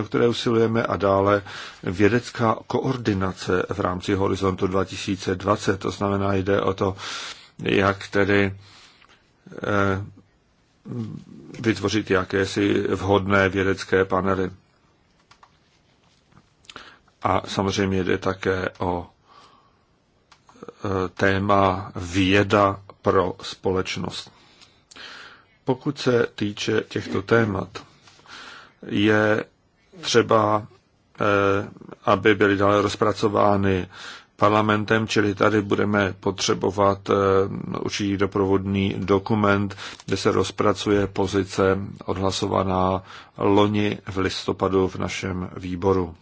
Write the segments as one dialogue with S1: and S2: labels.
S1: o které usilujeme a dále vědecká koordinace v rámci horizontu 2020. To znamená, jde o to, jak tedy eh, vytvořit jakési vhodné vědecké panely. A samozřejmě jde také o eh, téma věda pro společnost. Pokud se týče těchto témat, je třeba, eh, aby byly dále rozpracovány parlamentem, čili tady budeme potřebovat eh, určitý doprovodný dokument, kde se rozpracuje pozice odhlasovaná loni v listopadu v našem výboru.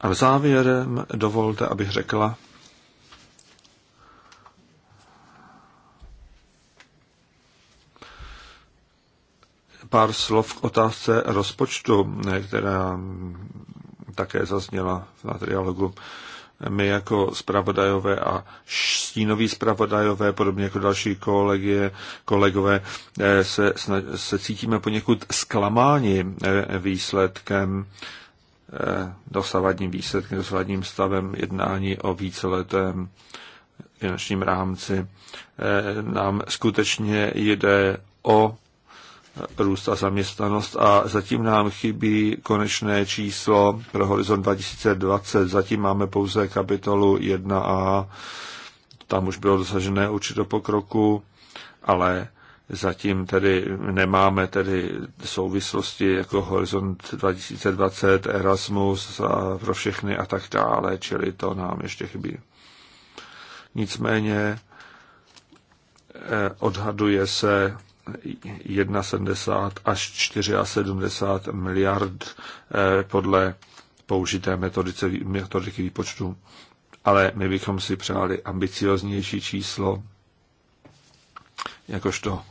S1: A v závěrem dovolte, abych řekla, pár slov k otázce rozpočtu, která také zazněla v materiálu. My jako spravodajové a stínoví spravodajové, podobně jako další kolegie, kolegové, se, se cítíme poněkud zklamáni výsledkem, dosavadním výsledkem, dosavadním stavem jednání o víceletém finančním rámci. Nám skutečně jde o růst a zaměstnanost a zatím nám chybí konečné číslo pro horizont 2020. Zatím máme pouze kapitolu 1a, tam už bylo dosažené určitě pokroku, ale zatím tedy nemáme tedy souvislosti jako Horizont 2020, Erasmus a pro všechny a tak dále, čili to nám ještě chybí. Nicméně eh, odhaduje se 1,70 až 4,70 miliard eh, podle použité metodice, metodiky výpočtu. Ale my bychom si přáli ambicioznější číslo, jakožto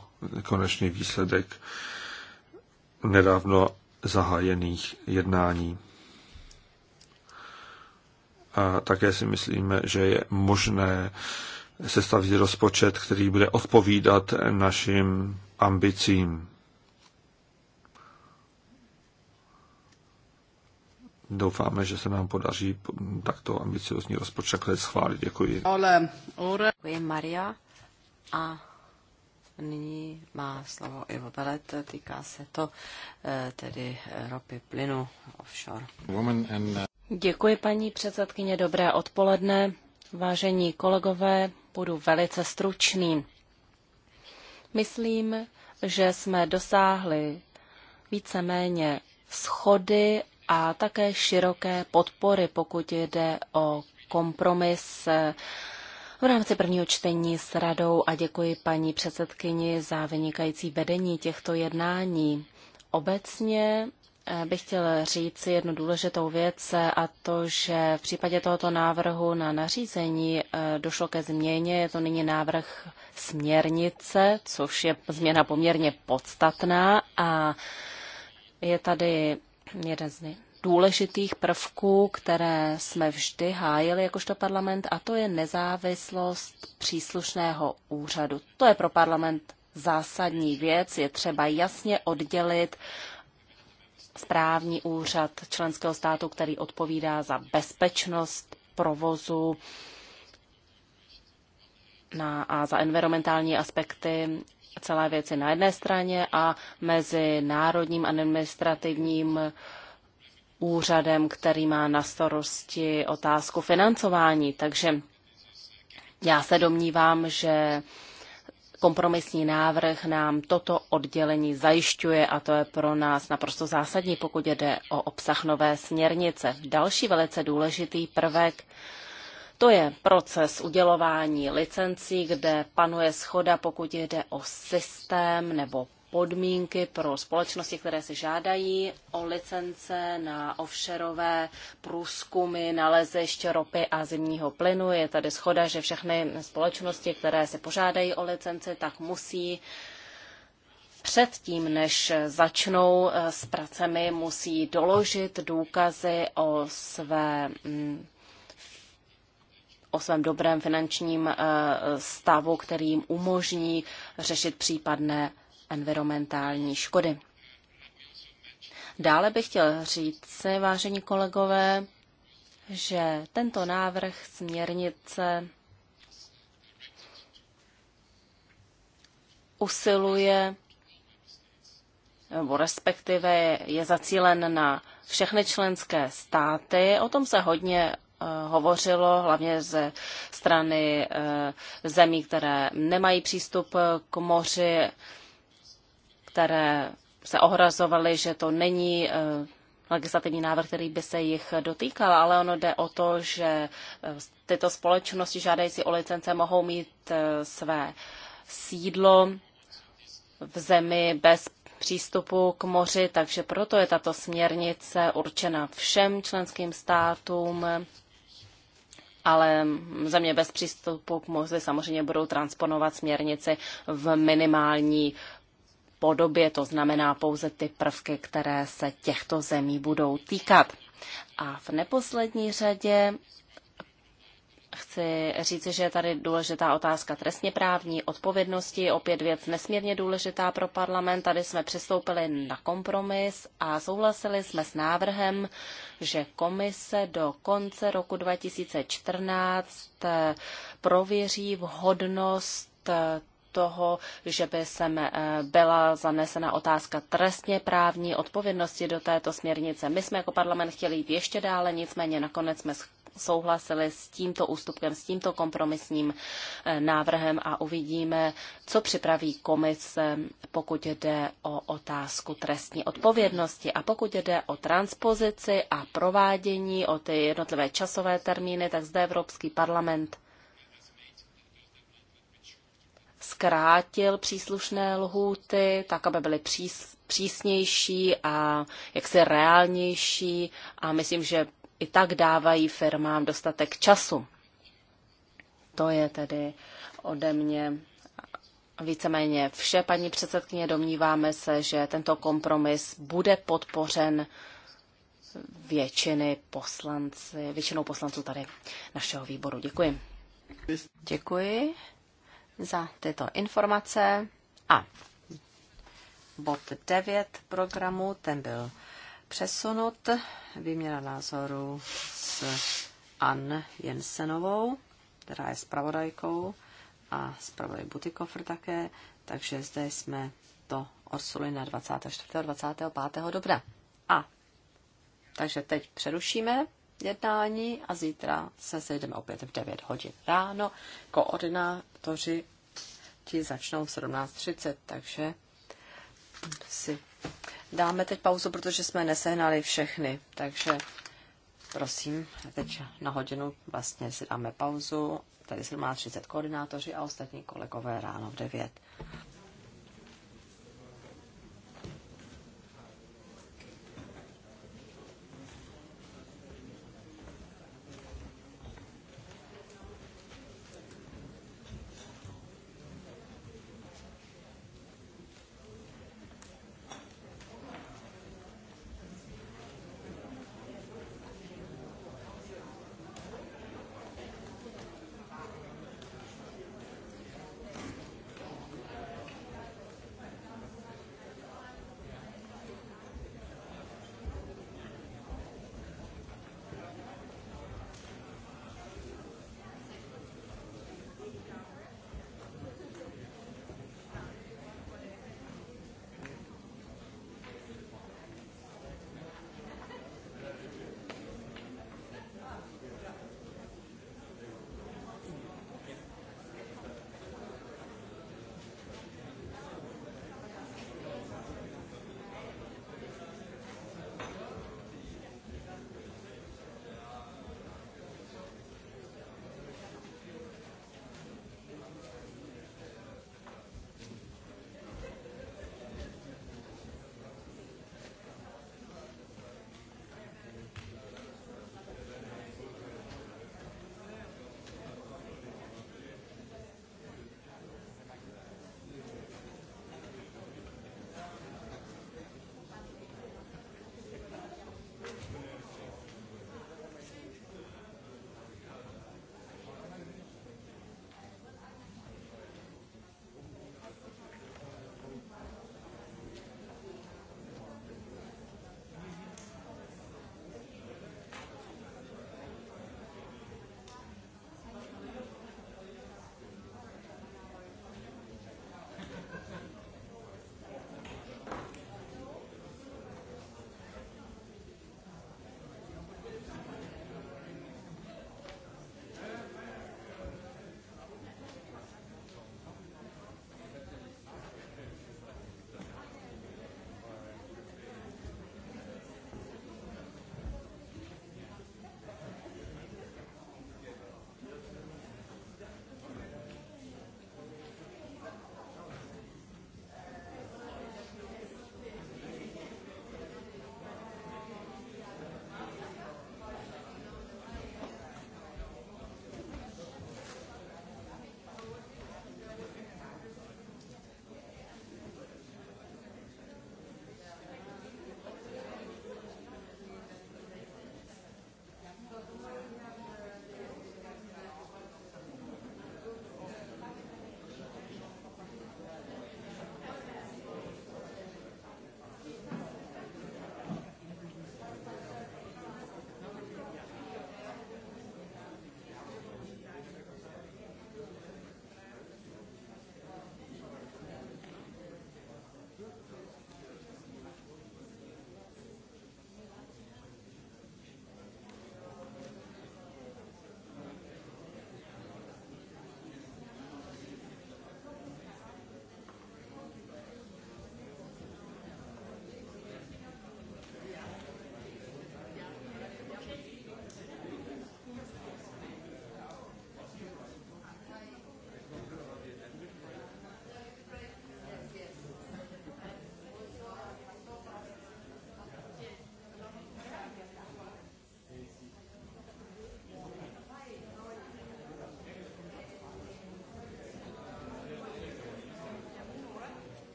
S1: konečný výsledek nedávno zahájených jednání. A také si myslíme, že je možné sestavit rozpočet, který bude odpovídat našim ambicím. Doufáme, že se nám podaří takto ambiciozní rozpočet schválit. Děkuji.
S2: Ole, Děkuji, Maria. A nyní má slovo Ivo Belet. Týká se to eh, tedy eh, ropy plynu offshore.
S3: Eh, Děkuji, paní předsedkyně. Dobré odpoledne, vážení kolegové, Budu velice stručný. Myslím, že jsme dosáhli víceméně schody a také široké podpory, pokud jde o kompromis eh, v rámci prvního čtení s radou a děkuji paní předsedkyni za vynikající vedení těchto jednání. Obecně Eh, bych chtěl říct jednu důležitou věc eh, a to, že v případě tohoto návrhu na nařízení eh, došlo ke změně. Je to nyní návrh směrnice, což je změna poměrně podstatná a je tady jeden z důležitých prvků, které jsme vždy hájili jakožto parlament, a to je nezávislost příslušného úřadu. To je pro parlament zásadní věc, je třeba jasně oddělit správní úřad členského státu, který odpovídá za bezpečnost provozu na, a za environmentální aspekty celé věci na jedné straně a mezi národním administrativním úřadem, který má na starosti otázku financování. Takže já se domnívám, že Kompromisní návrh nám toto oddělení zajišťuje a to je pro nás naprosto zásadní, pokud jde o obsah nové směrnice. Další velice důležitý prvek to je proces udělování licencí, kde panuje schoda, pokud jde o systém nebo podmínky pro společnosti, které se žádají o licence na offshoreové průzkumy, naleziště ropy a zimního plynu. Je tady schoda, že všechny společnosti, které se požádají o licenci, tak musí předtím, než začnou eh, s pracemi, musí doložit důkazy o své mm, o svém dobrém finančním eh, stavu, který jim umožní řešit případné environmentální škody. Dále bych chtěl říct, vážení kolegové, že tento návrh směrnice usiluje, nebo respektive je zacílen na všechny členské státy. O tom se hodně eh, hovořilo, hlavně ze strany eh, zemí, které nemají přístup eh, k moři které se ohrazovaly, že to není eh, legislativní návrh, který by se jich dotýkal, ale ono jde o to, že eh, tyto společnosti žádající o licence mohou mít eh, své sídlo v zemi bez přístupu k moři, takže proto je tato směrnice určena všem členským státům, ale země bez přístupu k moři samozřejmě budou transponovat směrnici v minimální podobě, to znamená pouze ty prvky, které se těchto zemí budou týkat. A v neposlední řadě chci říci, že je tady důležitá otázka trestně právní odpovědnosti, opět věc nesmírně důležitá pro parlament. Tady jsme přistoupili na kompromis a souhlasili jsme s návrhem, že komise do konce roku 2014 eh, prověří vhodnost eh, toho, že by sem eh, byla zanesena otázka trestně právní odpovědnosti do této směrnice. My jsme jako parlament chtěli jít ještě dále, nicméně nakonec jsme souhlasili s tímto ústupkem, s tímto kompromisním eh, návrhem a uvidíme, co připraví komise, pokud jde o otázku trestní odpovědnosti a pokud jde o transpozici a provádění, o ty jednotlivé časové termíny, tak zde Evropský parlament zkrátil příslušné lhůty, tak aby byly přís, přísnější a jaksi reálnější a myslím, že i tak dávají firmám dostatek času. To je tedy ode mě víceméně vše, paní předsedkyně. Domníváme se, že tento kompromis bude podpořen většiny poslanci, většinou poslanců tady našeho výboru. Děkuji. Děkuji za tyto informace a bod 9
S2: programu, ten byl přesunut, výměna názoru s Ann Jensenovou, která je spravodajkou a zpravodaj Butikofr také, takže zde jsme to odsuli na 24. a 25. dobra. A takže teď přerušíme jednání a zítra se sejdeme opět v 9 hodin ráno. Koordinátoři ti začnou v 17.30, takže si dáme teď pauzu, protože jsme nesehnali všechny, takže prosím, teď na hodinu vlastně si dáme pauzu, tady 17.30 koordinátoři a ostatní kolegové ráno v 9.